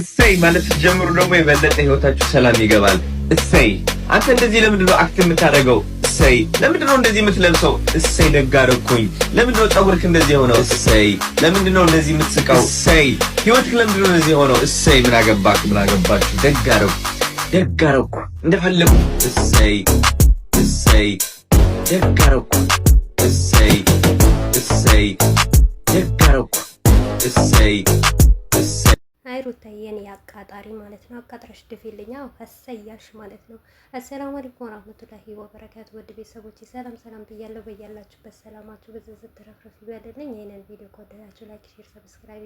እሰይ ማለት ጀምሩ። ደግሞ የበለጠ ህይወታችሁ ሰላም ይገባል። እሰይ አንተ እንደዚህ ለምንድን ነው አክት የምታደርገው? እሰይ ለምንድን ነው እንደዚህ የምትለብሰው? እሰይ ደጋረኩኝ። አደረኩኝ። ለምንድን ነው ፀጉርክ እንደዚህ የሆነው? እሰይ ለምንድን ነው እንደዚህ የምትስቀው? እሰይ ህይወትክ ለምንድን ነው እንደዚህ የሆነው? እሰይ ምን አገባክ? ምን አገባችሁ? ደጋረኩ ደጋረኩ እሰይ ደግ አደረኩ፣ እሰይ እሰይ ደጋረኩ እሰይ እሰይ ደጋረኩ አይሩታ ሩታዬን አቃጣሪ ማለት ነው። አቃጥረሽ ማለት ነው። አሰላሙ አለይኩም ወራህመቱላሂ ወበረካቱ። ቤተሰቦች ሰላም ሰላም ብያለሁ። በያላችሁበት ሰላማችሁ ተረፍረፍ ይበልልኝ። ይህንን ቪዲዮ ከወደዳችሁ ላይክ፣ ሼር፣ ሰብስክራይብ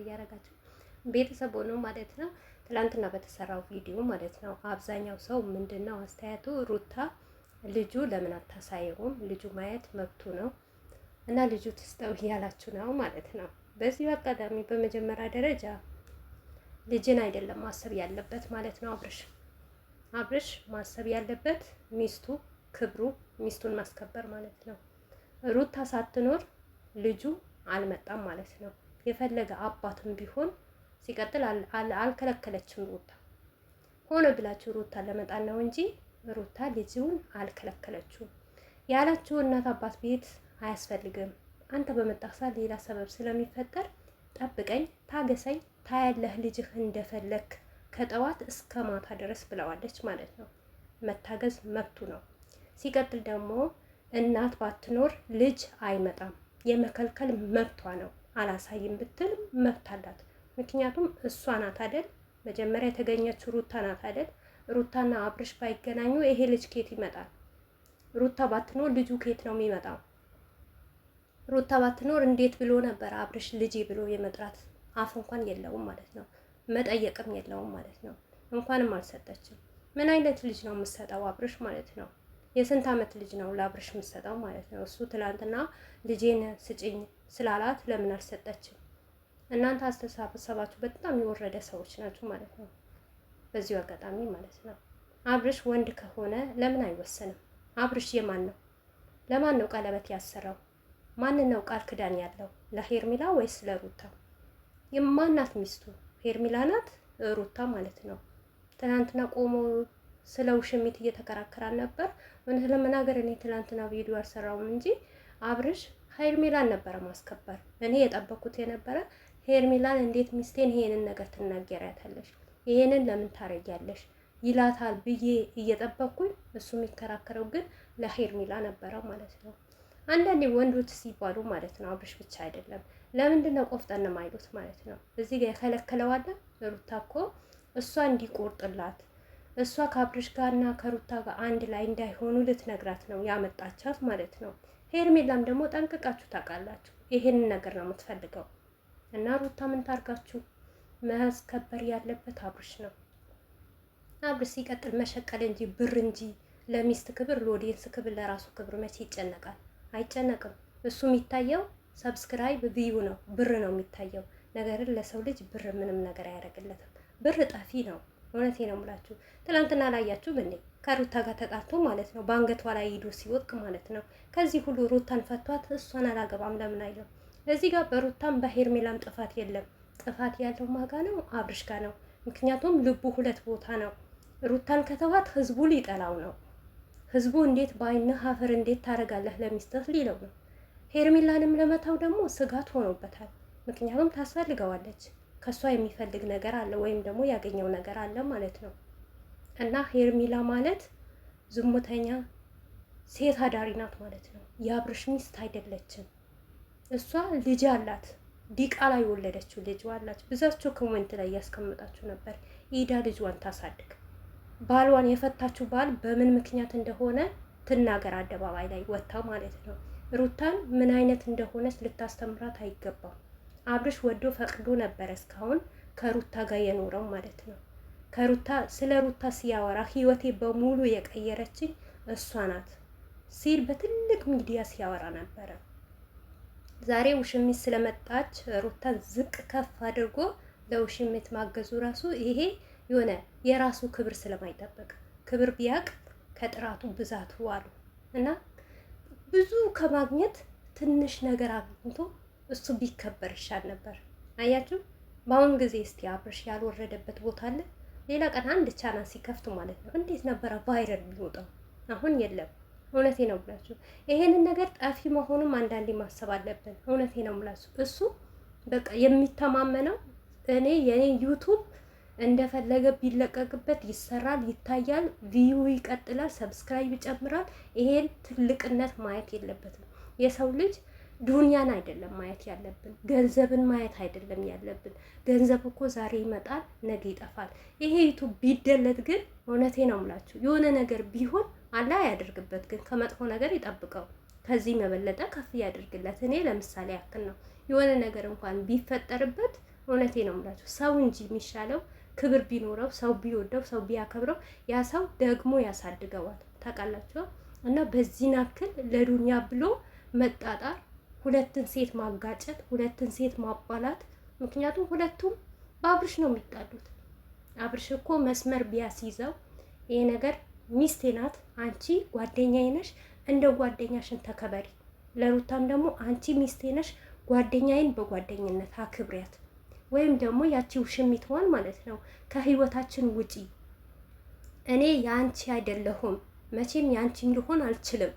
ማለት ነው። ትላንትና በተሰራው ቪዲዮ ማለት ነው አብዛኛው ሰው ምንድን ነው አስተያየቱ ሩታ ልጁ ለምን አታሳየውም? ልጁ ማየት መብቱ ነው እና ልጁ ትስጠው እያላችሁ ነው ማለት ነው በዚሁ አጋጣሚ በመጀመሪያ ደረጃ ልጅን አይደለም ማሰብ ያለበት ማለት ነው አብርሽ አብርሽ ማሰብ ያለበት ሚስቱ ክብሩ ሚስቱን ማስከበር ማለት ነው። ሩታ ሳትኖር ልጁ አልመጣም ማለት ነው። የፈለገ አባትም ቢሆን ሲቀጥል አልከለከለችም ሩታ ሆነ ብላችሁ ሩታ ለመጣን ነው እንጂ ሩታ ልጅውን አልከለከለችውም። ያላችሁ እናት አባት ቤት አያስፈልግም። አንተ በመጣሳ ሌላ ሰበብ ስለሚፈጠር ጠብቀኝ፣ ታገሰኝ፣ ታያለህ ልጅህ እንደፈለክ ከጠዋት እስከ ማታ ድረስ ብለዋለች ማለት ነው። መታገዝ መብቱ ነው። ሲቀጥል ደግሞ እናት ባትኖር ልጅ አይመጣም። የመከልከል መብቷ ነው። አላሳይም ብትል መብት አላት። ምክንያቱም እሷ ናት አደል መጀመሪያ የተገኘችው ሩታ ናት አደል ሩታና አብርሽ ባይገናኙ ይሄ ልጅ ኬት ይመጣል? ሩታ ባትኖር ልጁ ኬት ነው የሚመጣው? ሩታ ባትኖር እንዴት ብሎ ነበር አብርሽ ልጄ ብሎ የመጥራት አፍ እንኳን የለውም ማለት ነው። መጠየቅም የለውም ማለት ነው። እንኳንም አልሰጠችም። ምን አይነት ልጅ ነው የምትሰጠው አብርሽ ማለት ነው? የስንት አመት ልጅ ነው ለአብርሽ የምትሰጠው ማለት ነው? እሱ ትላንትና ልጄን ስጭኝ ስላላት ለምን አልሰጠችም? እናንተ አስተሳሰባችሁ በጣም የወረደ ሰዎች ናችሁ ማለት ነው። በዚሁ አጋጣሚ ማለት ነው አብርሽ ወንድ ከሆነ ለምን አይወሰንም? አብርሽ የማን ነው? ለማን ነው ቀለበት ያሰራው? ማን ነው ቃል ክዳን ያለው ለሄርሚላ ወይስ ለሩታ? የማናት ሚስቱ ሄርሚላ ናት ሩታ ማለት ነው። ትናንትና ቆሞ ስለ ውሽሚት እየተከራከራን ነበር። እውነት ለመናገር እኔ ትናንትና ቪዲዮ አልሰራውም እንጂ አብርሽ ሄርሜላን ነበረ ማስከበር። እኔ የጠበኩት የነበረ ሄርሜላን እንዴት ሚስቴን ይሄንን ነገር ትናገሪያታለሽ፣ ይሄንን ለምን ታረጊያለሽ ይላታል ብዬ እየጠበኩኝ፣ እሱ የሚከራከረው ግን ለሄርሚላ ነበረ ማለት ነው። አንዳንዴ ወንዶች ሲባሉ ማለት ነው አብርሽ ብቻ አይደለም። ለምንድን ነው ቆፍጠን ማይሉት ማለት ነው? እዚህ ጋር የከለከለው አለ። ሩታ እኮ እሷ እንዲቆርጥላት እሷ ከአብርሽ ጋር እና ከሩታ ጋር አንድ ላይ እንዳይሆኑ ልትነግራት ነው ያመጣቻት ማለት ነው። ሄርሜላም ደግሞ ጠንቅቃችሁ ታውቃላችሁ፣ ይሄንን ነገር ነው የምትፈልገው። እና ሩታ ምን ታርጋችሁ፣ ማስከበር ያለበት አብርሽ ነው። አብርሽ ሲቀጥል መሸቀል እንጂ ብር እንጂ ለሚስት ክብር፣ ለኦዲየንስ ክብር፣ ለራሱ ክብር መቼ ይጨነቃል? አይጨነቅም። እሱ የሚታየው ሰብስክራይብ ቪዩ ነው፣ ብር ነው የሚታየው። ነገርን ለሰው ልጅ ብር ምንም ነገር አያደርግለትም። ብር ጠፊ ነው። እውነቴ ነው የምላችሁ። ትናንትና ላያችሁ ብኔ ከሩታ ጋር ተጣልቶ ማለት ነው በአንገቷ ላይ ሂዶ ሲወቅ ማለት ነው። ከዚህ ሁሉ ሩታን ፈቷት፣ እሷን አላገባም ለምን አይለው። እዚህ ጋር በሩታም በሄርሜላም ጥፋት የለም። ጥፋት ያለው ማጋ ነው አብርሽ ጋ ነው። ምክንያቱም ልቡ ሁለት ቦታ ነው። ሩታን ከተዋት ህዝቡ ሊጠላው ነው። ህዝቡ እንዴት በአይነ ሀፍር እንዴት ታደርጋለህ ለሚስትህ ሊለው ነው። ሄርሚላንም ለመተው ደግሞ ስጋት ሆኖበታል። ምክንያቱም ታስፈልገዋለች። ከእሷ የሚፈልግ ነገር አለ ወይም ደግሞ ያገኘው ነገር አለ ማለት ነው። እና ሄርሚላ ማለት ዝሙተኛ ሴት አዳሪ ናት ማለት ነው። የአብርሽ ሚስት አይደለችም። እሷ ልጅ አላት። ዲቃላ የወለደችው ልጅ አላት። ብዛችሁ ኮሜንት ላይ እያስቀመጣችሁ ነበር። ኢዳ ልጇን ታሳድግ ባሏን የፈታችው ባል በምን ምክንያት እንደሆነ ትናገር አደባባይ ላይ ወጥታ ማለት ነው። ሩታን ምን አይነት እንደሆነች ልታስተምራት አይገባም። አብርሽ ወዶ ፈቅዶ ነበረ እስካሁን ከሩታ ጋር የኖረው ማለት ነው። ከሩታ ስለ ሩታ ሲያወራ ህይወቴ በሙሉ የቀየረችኝ እሷ ናት ሲል በትልቅ ሚዲያ ሲያወራ ነበረ። ዛሬ ውሽሚት ስለመጣች ሩታ ዝቅ ከፍ አድርጎ ለውሽሚት ማገዙ ራሱ ይሄ የሆነ የራሱ ክብር ስለማይጠበቅ ክብር ቢያቅ ከጥራቱ ብዛቱ አሉ እና ብዙ ከማግኘት ትንሽ ነገር አግኝቶ እሱ ቢከበር ይሻል ነበር። አያችሁ፣ በአሁኑ ጊዜ እስቲ አብርሽ ያልወረደበት ቦታ አለ? ሌላ ቀን አንድ ቻናል ሲከፍት ማለት ነው እንዴት ነበረ ቫይረል ቢወጣው? አሁን የለም። እውነቴ ነው ብላችሁ ይሄንን ነገር ጠፊ መሆኑም አንዳንዴ ማሰብ አለብን። እውነቴ ነው ብላችሁ እሱ በቃ የሚተማመነው እኔ የኔ ዩቱብ እንደፈለገ ቢለቀቅበት ይሰራል፣ ይታያል፣ ቪዩ ይቀጥላል፣ ሰብስክራይብ ይጨምራል። ይሄን ትልቅነት ማየት የለበትም። የሰው ልጅ ዱንያን አይደለም ማየት ያለብን፣ ገንዘብን ማየት አይደለም ያለብን። ገንዘብ እኮ ዛሬ ይመጣል፣ ነገ ይጠፋል። ይሄ ዩቱብ ቢደለት ግን እውነቴ ነው ምላችሁ የሆነ ነገር ቢሆን አላ ያደርግበት፣ ግን ከመጥፎ ነገር ይጠብቀው፣ ከዚህ መበለጠ ከፍ ያደርግለት። እኔ ለምሳሌ ያክል ነው የሆነ ነገር እንኳን ቢፈጠርበት እውነቴ ነው የምላችሁ ሰው እንጂ የሚሻለው ክብር ቢኖረው ሰው ቢወደው ሰው ቢያከብረው ያ ሰው ደግሞ ያሳድገዋል። ታውቃላችሁ እና በዚህ ናክል ለዱንያ ብሎ መጣጣር፣ ሁለትን ሴት ማጋጨት፣ ሁለትን ሴት ማባላት። ምክንያቱም ሁለቱም በአብርሽ ነው የሚጣሉት። አብርሽ እኮ መስመር ቢያስይዘው ይሄ ነገር ሚስቴ ናት፣ አንቺ ጓደኛዬ ነሽ፣ እንደ ጓደኛሽን ተከበሪ። ለሩታም ደግሞ አንቺ ሚስቴ ነሽ፣ ጓደኛዬን በጓደኝነት አክብሪያት ወይም ደግሞ ያቺው ሽሚትዋን ማለት ነው ከህይወታችን ውጪ። እኔ የአንቺ አይደለሁም፣ መቼም ያንቺ ሊሆን አልችልም።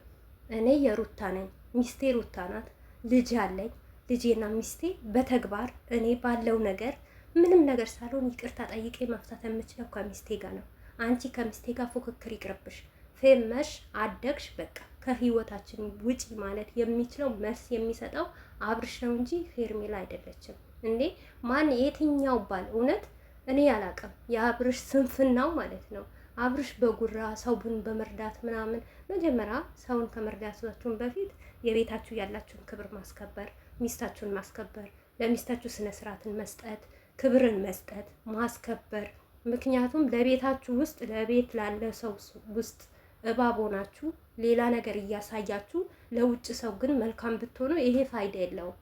እኔ የሩታ ነኝ፣ ሚስቴ ሩታ ናት፣ ልጅ አለኝ። ልጄና ሚስቴ በተግባር እኔ ባለው ነገር ምንም ነገር ሳልሆን ይቅርታ ጠይቄ መፍታት የምችለው ከሚስቴ ጋር ነው። አንቺ ከሚስቴ ጋር ፉክክር ይቅርብሽ። ፌመሽ አደግሽ፣ በቃ ከህይወታችን ውጪ ማለት የሚችለው መልስ የሚሰጠው አብርሽ ነው እንጂ ሄርሜላ አይደለችም እንዴ! ማን የትኛው ባል እውነት እኔ ያላቅም የአብርሽ ስንፍናው ማለት ነው። አብርሽ በጉራ ሰውን በመርዳት ምናምን፣ መጀመሪያ ሰውን ከመርዳታችሁን በፊት የቤታችሁ ያላችሁን ክብር ማስከበር፣ ሚስታችሁን ማስከበር፣ ለሚስታችሁ ስነ ስርዓትን መስጠት፣ ክብርን መስጠት፣ ማስከበር ምክንያቱም ለቤታችሁ ውስጥ ለቤት ላለ ሰው ውስጥ እባብ ሆናችሁ ሌላ ነገር እያሳያችሁ ለውጭ ሰው ግን መልካም ብትሆኑ ይሄ ፋይዳ የለውም።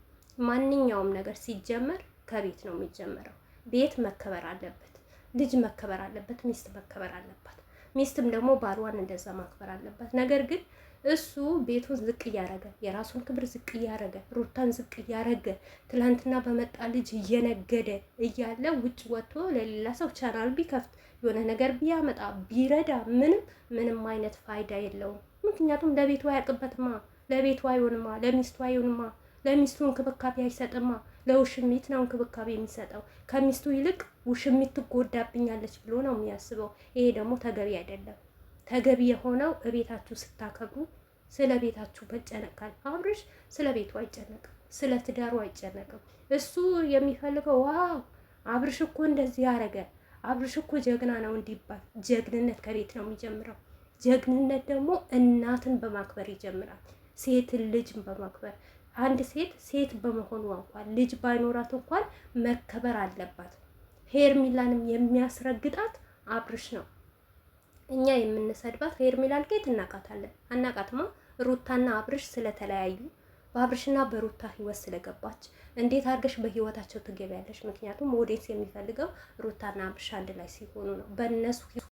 ማንኛውም ነገር ሲጀመር ከቤት ነው የሚጀመረው። ቤት መከበር አለበት፣ ልጅ መከበር አለበት፣ ሚስት መከበር አለባት። ሚስትም ደግሞ ባሏን እንደዛ ማክበር አለባት። ነገር ግን እሱ ቤቱን ዝቅ እያረገ የራሱን ክብር ዝቅ እያረገ ሩታን ዝቅ እያረገ ትላንትና በመጣ ልጅ እየነገደ እያለ ውጭ ወጥቶ ለሌላ ሰው ቻናል ቢከፍት የሆነ ነገር ቢያመጣ ቢረዳ ምንም ምንም አይነት ፋይዳ የለውም። ምክንያቱም ለቤቱ አያውቅበትማ፣ ለቤቱ አይሆንማ፣ ለሚስቱ አይሆንማ፣ ለሚስቱ እንክብካቤ አይሰጥማ። ለውሽሚት ነው እንክብካቤ የሚሰጠው። ከሚስቱ ይልቅ ውሽሚት ትጎዳብኛለች ብሎ ነው የሚያስበው። ይሄ ደግሞ ተገቢ አይደለም። ተገቢ የሆነው እቤታችሁ ስታከብሩ ስለ ቤታችሁ መጨነቅ ካለ አብርሽ ስለ ቤቱ አይጨነቅም፣ ስለ ትዳሩ አይጨነቅም። እሱ የሚፈልገው ዋው አብርሽ እኮ እንደዚህ ያደረገ አብርሽ እኮ ጀግና ነው እንዲባል። ጀግንነት ከቤት ነው የሚጀምረው። ጀግንነት ደግሞ እናትን በማክበር ይጀምራል። ሴትን ልጅን በማክበር አንድ ሴት ሴት በመሆኗ እንኳን ልጅ ባይኖራት እንኳን መከበር አለባት። ሄርሚላንም የሚያስረግጣት አብርሽ ነው። እኛ የምንሰድባት ሄርሜላን ከየት እናቃታለን? አናቃትማ። ሩታና አብርሽ ስለተለያዩ በአብርሽና በሩታ ህይወት ስለገባች እንዴት አድርገሽ በህይወታቸው ትገቢያለሽ? ምክንያቱም ወዴት የሚፈልገው ሩታና አብርሽ አንድ ላይ ሲሆኑ ነው። በእነሱ